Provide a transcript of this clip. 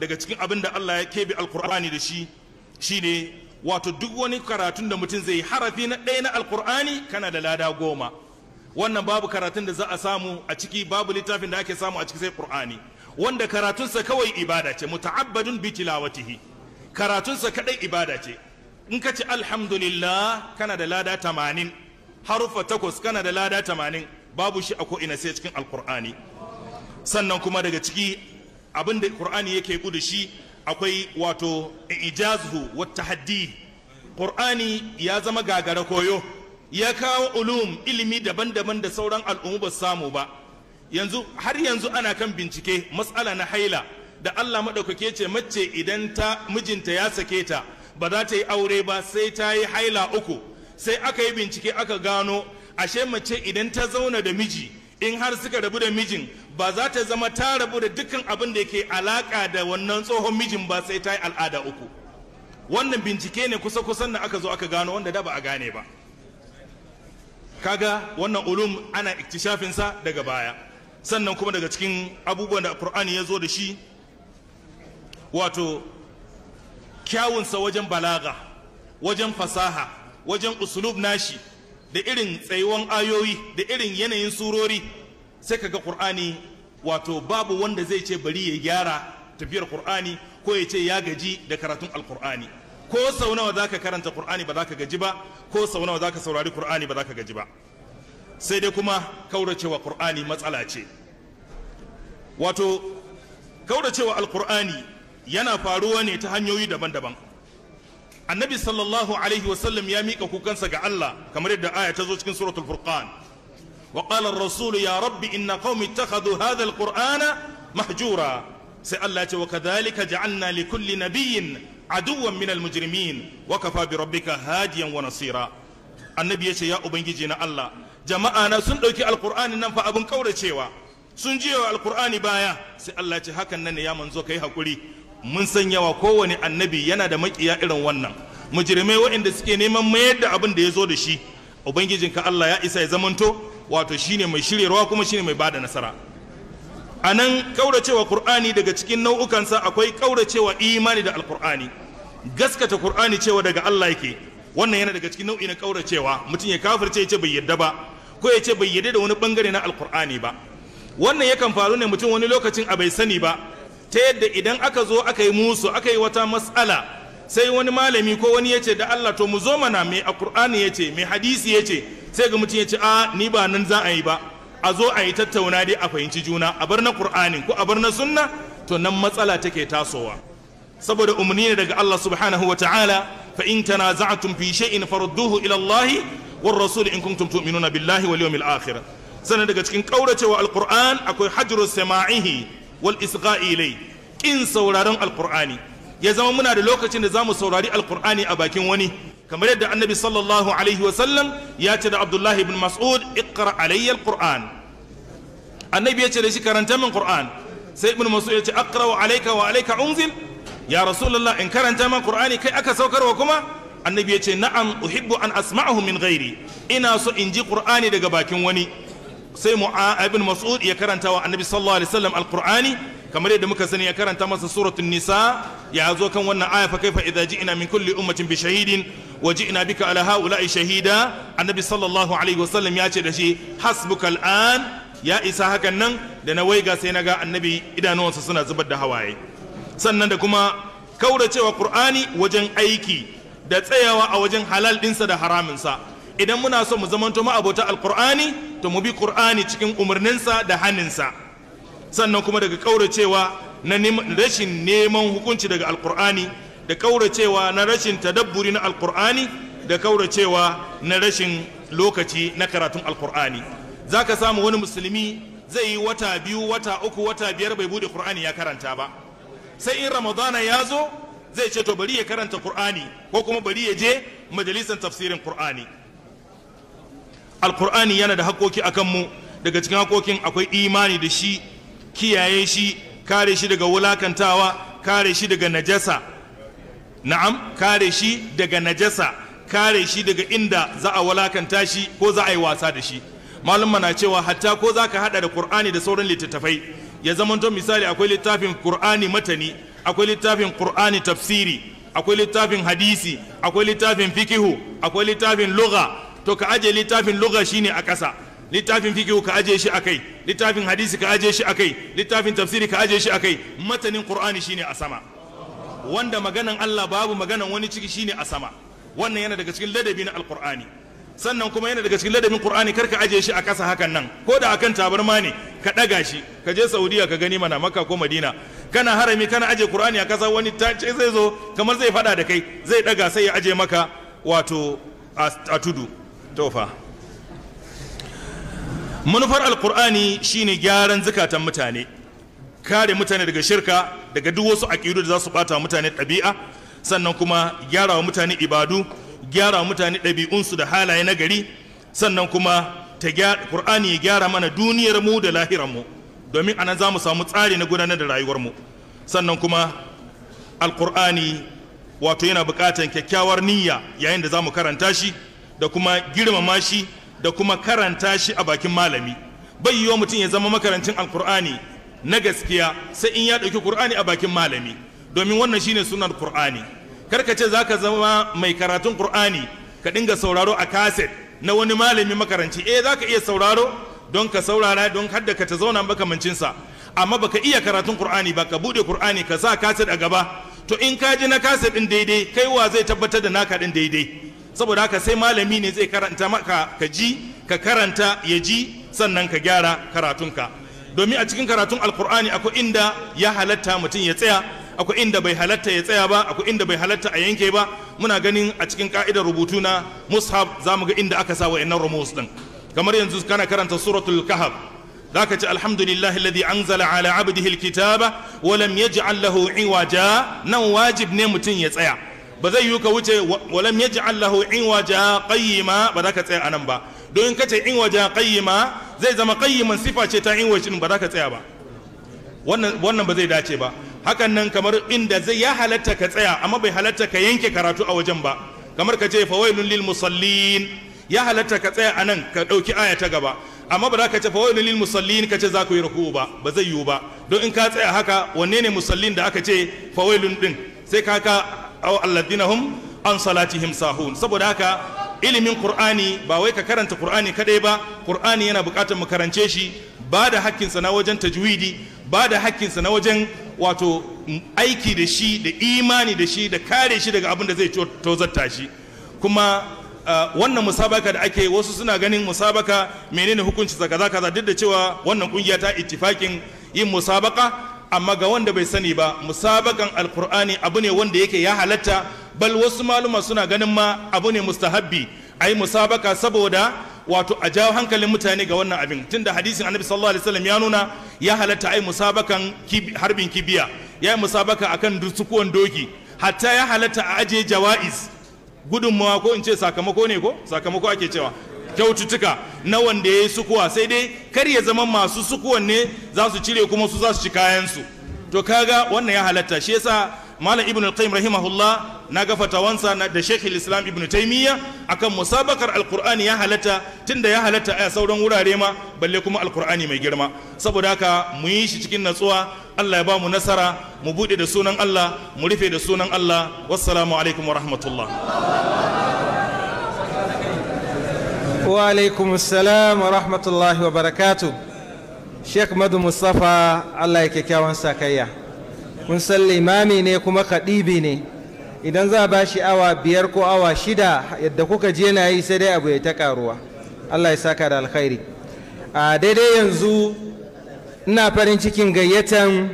daga cikin abin da Allah ya kebe alkur'ani da shi shine wato duk wani karatun da mutum zai harafi na ɗaya na alkur'ani kana da lada goma wannan babu karatun da za a samu a ciki babu littafin da ake samu a ciki sai qur'ani wanda karatunsa kawai ibada ce muta'abbadun bi tilawatihi karatunsa kadai ibada ce in ka ce alhamdulillah kana da lada tamanin harufa takwas kana da lada tamanin babu shi a ko ina sai cikin alkur'ani sannan kuma daga ciki abin da qur'ani yake gudu shi akwai wato ijazhu wa tahaddi ƙur'ani ya zama gagara koyo ya kawo ulum ilimi daban-daban da sauran al'ummu ba samu ba yanzu har yanzu ana kan bincike matsala na haila da Allah maɗaukake ce mace idan ta mijinta ya sake ta ba za ta yi aure ba sai ta yi haila uku sai aka yi bincike aka gano ashe mace idan ta zauna da miji in har suka rabu da mijin ba za ta zama ta rabu da dukkan abin da yake alaka da wannan tsohon mijin ba sai ta yi al'ada uku wannan bincike ne kusa-kusan da aka zo aka gano wanda da ba a gane ba kaga wannan ulum ana iktishafinsa daga baya sannan kuma daga cikin abubuwan da qur'ani ya zo da shi wato kyawunsa wajen balaga wajen fasaha wajen usulub nashi da irin tsayuwan ayoyi da irin yanayin surori sai kaga ƙur'ani wato babu wanda zai ce bari ya gyara tafiyar ƙur'ani ko ya ce ya gaji da karatun alƙur'ani ko sau nawa zaka karanta ƙur'ani ba zaka gaji ba ko sau nawa zaka saurari ƙur'ani ba zaka gaji ba sai dai kuma kauracewa ƙur'ani matsala ce wato kauracewa alƙur'ani yana faruwa ne ta hanyoyi daban-daban annabi sallallahu alaihi wasallam ya mika kukansa ga Allah kamar yadda aya ta zo cikin suratul furqan rasulu وقال الرسول يا رب إن قوم اتخذوا هذا القرآن محجورا سألت وكذلك جعلنا لكل نبي عدوا من المجرمين وكفى بربك هاديا ونصيرا النبي يا أبنجي جينا الله جماعة سنة القرآن ننفع أبن كورة شيوا sun ji wa alkur'ani baya sai Allah ce hakan nan ne ya manzo kai hakuri mun sanya wa kowane annabi yana da makiya irin wannan mujrimai waɗanda suke neman mayar da abin da ya zo da shi Ubangijin ka Allah ya isa ya zamanto wato shine mai shiryarwa kuma shine mai bada nasara a nan kauracewa qur'ani daga cikin nau'ukansa akwai kauracewa imani da alqur'ani gaskata qur'ani cewa daga Allah yake wannan yana daga cikin nau'i na kauracewa mutum ya kafirce ya ce bai yadda ba ko yace bai yadda da wani bangare na alqur'ani ba wannan yakan faru ne mutum wani lokacin a bai sani ba ta yadda idan aka zo aka yi musu aka yi wata mas'ala sai wani malami ko wani yace da Allah to mu zo mana mai alqur'ani ya ce mai hadisi ya ce sai ga mutum ya ce a ah, ni ba nan za a yi ba a zo a yi tattauna dai a fahimci juna a bar na qur'ani ko a bar na sunna to nan matsala take tasowa saboda umarni ne daga Allah subhanahu wa ta'ala fa in tanaza'tum fi shay'in farudduhu ila Allah war rasul in kuntum tu'minuna billahi wal yawmil akhir sannan daga cikin kauracewa alquran akwai hajru sama'ihi wal isqa'i ilai kin sauraron alqur'ani ya zama muna da lokacin da zamu saurari alqur'ani a bakin wani kamar yadda annabi sallallahu alaihi wasallam ya ce da abdullahi ibn mas'ud iqra alayya qur'an annabi ya ce da shi karanta min qur'an sai ibn mas'ud ya ce aqra wa alayka wa alayka unzil ya rasulullah in karanta min qur'ani kai aka saukarwa kuma annabi ya ce na'am uhibbu an asma'ahu min ghairi ina so in ji qur'ani daga bakin wani sai mu'a ibn mas'ud ya karanta wa annabi sallallahu alaihi wasallam alqur'ani kamar yadda muka sani ya karanta masa suratul nisa ya zo kan wannan aya fa kaifa idza ji'na min kulli ummatin bi shahidin ina bika ala haula'i shahida annabi sallallahu alaihi wasallam ya ce da shi hasbukal an ya isa hakan nan da na waiga sai na ga annabi idanuwansa suna zubar da hawaye sannan da kuma kauracewa qur'ani wajen aiki da tsayawa a wajen halal dinsa da haraminsa idan muna so mu zamanto ma'abota abota alqur'ani to mu bi qur'ani cikin umarninsa da haninsa sannan kuma daga kauracewa na rashin neman hukunci daga alqur'ani da kauracewa na rashin tadabburi na alkur'ani da kauracewa na rashin lokaci na karatun alkur'ani za ka samu wani musulmi zai yi wata biyu wata uku wata biyar bai bude kur'ani ya karanta ba sai in ramadana ya zo zai ce to bari ya karanta kur'ani ko kuma bari ya je majalisar tafsirin kur'ani alkur'ani yana da hakoki a kanmu daga cikin hakokin akwai imani da shi kiyaye shi kare shi daga wulakantawa kare shi daga najasa na'am kare shi daga najasa kare shi daga inda za a walakanta shi ko za a yi wasa da shi malum na cewa hatta ko za ka hada da qur'ani da sauran littattafai ya zamanto misali akwai littafin kur'ani matani akwai littafin qur'ani tafsiri akwai littafin hadisi akwai littafin fikihu akwai littafin lugha to ka aje littafin lugha shine a ƙasa littafin fikihu ka aje shi akai littafin hadisi ka aje shi akai littafin tafsiri ka aje shi akai matanin qur'ani shine a sama wanda maganan Allah babu maganan wani ciki shine a sama wannan yana daga cikin ladabi na alqur'ani sannan kuma yana daga cikin ladabin qur'ani karka aje shi a kasa hakan nan ko da akan tabarma ne ka daga shi ka je saudiya ka gani mana makka ko madina kana harami kana aje qur'ani a kasa wani tace zai zo kamar zai faɗa da kai zai daga sai ya aje maka wato a tudu tofa manufar alqur'ani shine gyaran zukatan mutane kare mutane daga shirka daga duk wasu aƙidu da za su ɓata mutane ɗabi'a sannan kuma gyara wa mutane ibadu gyara wa mutane ɗabi'unsu da halaye na gari sannan kuma ta ƙur'ani ya gyara mana duniyar mu da lahirar mu domin anan za mu samu tsari na gudanar da rayuwar mu sannan kuma Alƙur'ani wato yana buƙatar kyakkyawar niyya yayin da za mu karanta shi da kuma girmama shi da kuma karanta shi a bakin malami bai yiwa mutum ya zama makarantun Alƙur'ani. na gaskiya sai in ya ɗauki Kur'ani a bakin malami domin wannan shine sunan Kur'ani karka ce za ka zama mai karatun Kur'ani ka dinga sauraro a kaset na wani malami makaranci eh ka iya sauraro don ka saurara don hadda ka ta zauna makamancinsa amma baka iya karatun Kur'ani ba ka buɗe Kur'ani ka sa kaset a gaba to in ka ji na kaset ɗin daidai kai wa zai tabbatar da naka ɗin daidai saboda haka sai malami ne zai karanta maka ka ji ka karanta ya ji sannan ka gyara karatunka domin a cikin karatun alkur'ani akwai inda ya halatta mutum ya tsaya akwai inda bai halatta ya tsaya ba akwai inda bai halatta a yanke ba muna ganin a cikin ka'idar rubutu na mushaf za mu ga inda aka sa wa'annan rumus din kamar yanzu kana karanta suratul kahf zaka ce alhamdulillah alladhi anzala ala abdihi alkitaba wa lam yaj'al lahu iwaja nan wajib ne mutum ya tsaya ba zai yi ka wuce wa lam yaj'al lahu iwaja qayyima ba za ka tsaya anan ba don ka ce iwaja qayyima zai zama kayyaman sifa ce ta in shi ba za ka tsaya ba wannan ba zai dace ba hakan nan kamar inda zai ya halatta ka tsaya amma bai halatta ka yanke karatu a wajen ba kamar ka ce fawailun lil musallin ya halatta ka tsaya a nan ka ɗauki aya ta gaba amma ba za ka ce fawailun lil musallin ka ce za ku yi ruku ba ba zai yiwu ba don in ka tsaya haka wanne ne musallin da aka ce fawailun din sai ka ka alladina hum an salatihim sahun saboda haka ilimin qur'ani ba wai ka karanta qur'ani kadai ba qur'ani yana buƙatar mu karance shi ba da hakkinsa na wajen tajwidi ba da hakkinsa na wajen wato aiki da shi da imani da shi da kare shi daga abin da zai tozarta shi kuma wannan musabaka da ake wasu suna ganin musabaka menene hukunci zaka kaza duk da cewa wannan kungiya ta ittifakin yin musabaka amma ga wanda bai sani ba musabakan alkur'ani abu ne wanda yake ya halatta bal wasu maluma suna ganin ma abu ne mustahabbi yi musabaka saboda wato a jawo hankalin mutane ga wannan abin tunda hadisin annabi sallallahu alaihi wasallam ya nuna ya halatta ai musabakan harbin kibiya ya yi musabaka akan dusukuwan doki hatta ya halatta a ajiye jawa'iz gudunmawa ko in ce sakamako ne ko sakamako ake cewa kyaututtuka na wanda ya yi sukuwa sai dai kar ya zama masu sukuwan ne za su cire kuma su za su ci kayansu to kaga wannan ya halatta shi yasa malam ibn al-qayyim rahimahullah na ga fatawansa da sheikh islam ibn taymiya akan musabakar alqur'ani ya halatta tunda ya halatta a sauran wurare ma balle kuma alqur'ani mai girma saboda haka mu yi shi cikin natsuwa Allah ya ba mu nasara mu bude da sunan Allah mu rufe da sunan Allah wassalamu alaikum wa rahmatullah wa alaikum assalam wa rahmatullahi wa barakatuh Sheikh Madu Mustafa Allah ya kyakkyawan sakayya kun san limami ne kuma kaɗibi ne idan za ba shi awa biyar ko awa shida yadda kuka je na yi sai dai abu ya ta karuwa allah ya saka da alkhairi a daidai yanzu ina farin cikin gayyatan